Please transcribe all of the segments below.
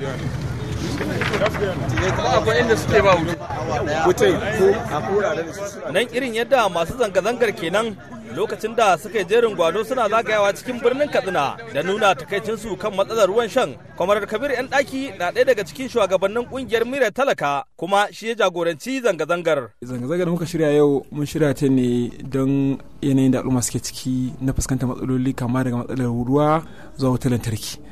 Nan irin yadda masu zanga-zangar kenan lokacin da suka yi jerin gwano suna zagayawa cikin birnin katsina da nuna takaicinsu kan matsalar ruwan shan kwamarar kabir yan daki na ɗaya daga cikin shugabannin kungiyar mira talaka kuma shi ya jagoranci zanga-zangar zanga-zangar muka shirya yau mun shirya ta ne don yanayin da al'umma suke ciki na fuskantar matsaloli kama daga matsalar ruwa zuwa wutar lantarki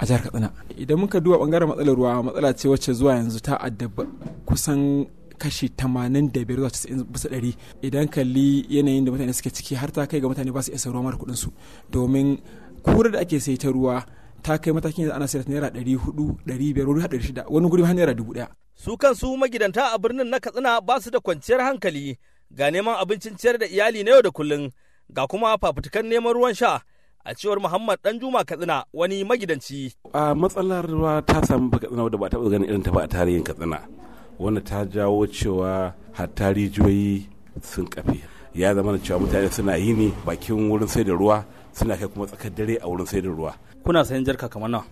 a jihar katsina idan muka duba bangaren matsalar ruwa matsala ce wacce zuwa yanzu ta addaba kusan kashi 85 zuwa 90 bisa ɗari idan kalli yanayin da mutane suke ciki har ta kai ga mutane ba su isa ruwa mara kuɗin su domin kura da ake sai ta ruwa ta kai matakin da ana sayar naira 400 biyar wani shida wani guri har naira 1000 su kansu magidanta a birnin na Katsina ba su da kwanciyar hankali ga neman abincin ciyar da iyali na yau da kullun ga kuma fafutukan neman ruwan sha a cewar Muhammad Danjuma Katsina wani magidanci. A matsalar ruwa ta samu Katsina wadda ba taɓa ganin irin ta ba a tarihin Katsina wanda ta jawo cewa hatta rijiyoyi sun kafe. Ya zama da cewa mutane suna yi ne bakin wurin sai da ruwa suna kai kuma tsakar dare a wurin sai da ruwa. Kuna sayan jarka kamar nawa?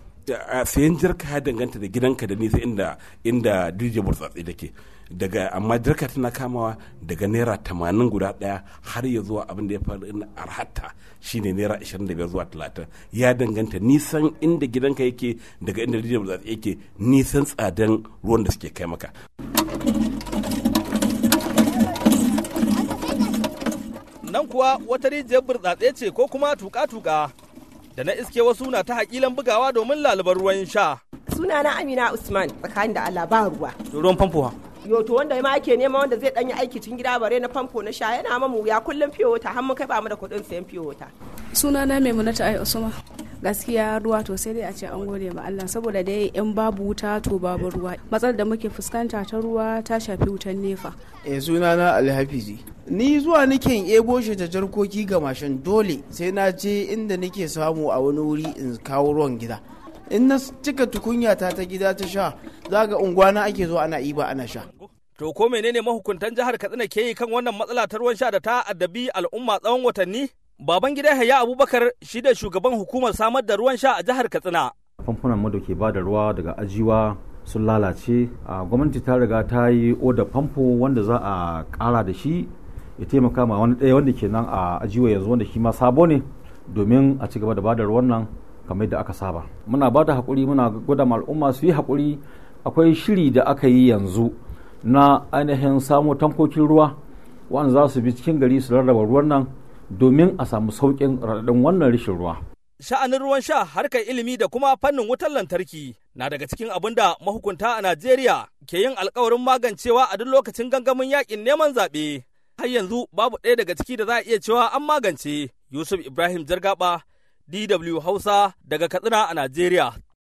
sayan jarka ya danganta da gidanka da nisa inda inda dirje burtsatse take daga amma jarka tana kamawa daga naira tamanin guda daya har ya zuwa abin da ya faru in arhatta shine naira ashirin da biyar zuwa talatin ya danganta nisan inda gidanka yake daga inda dirje burtsatse yake nisan tsadan ruwan da suke kai maka nan kuwa wata rijiyar burtsatse ce ko kuma tuka-tuka da na iske wasu na ta hakilan bugawa domin lalubar ruwan sha. Suna na Amina Usman tsakanin da Allah ba ruwa. Ruwan famfo Yo to wanda ma ake nema wanda zai danyi aiki cikin gida bare na famfo na sha yana mamu ya kullum fiye wata har mu kai ba mu da kuɗin sayan fiye wata. Suna na Maimunata Ai Usman. gaskiya ruwa to sai dai a ce an gode ma Allah saboda dai in babu wuta to babu ruwa matsalar da muke fuskanta ta ruwa ta shafi wutan nefa eh na alhafizi ni zuwa nake ebo shi ta jarkoki ga mashin dole sai na je inda nake samu a wani wuri in kawo ruwan gida in na cika tukunya ta ta gida ta sha za ga ake zo ana iba ana sha To ko menene mahukuntan jihar Katsina ke yi kan wannan matsala ta ruwan sha da ta addabi al'umma tsawon watanni? Baban gida haya Abubakar shi da shugaban hukumar samar da ruwan sha a jihar Katsina. Famfunan mu da ke ba da ruwa daga ajiwa sun lalace. a Gwamnati ta riga ta yi oda famfo wanda za a kara da shi ya taimaka ma wani ɗaya wanda ke nan a ajiwa yanzu wanda shi ma sabo ne domin a ci gaba da ba da ruwan nan kamar da aka saba. Muna ba da haƙuri muna gwada ma al'umma su yi haƙuri akwai shiri da aka yi yanzu na ainihin samo tankokin ruwa wanda za su bi cikin gari su rarraba ruwan nan domin a samu saukin raɗaɗin wannan rashin ruwa. Sha'anin ruwan sha harkar ilimi da kuma fannin wutar lantarki na daga cikin abin da mahukunta a Najeriya ke yin alkawarin magancewa a duk lokacin gangamin yakin neman zaɓe. Har yanzu babu ɗaya daga ciki da za a iya cewa an magance. Yusuf Ibrahim Jargaba, DW Hausa daga Katsina a Najeriya.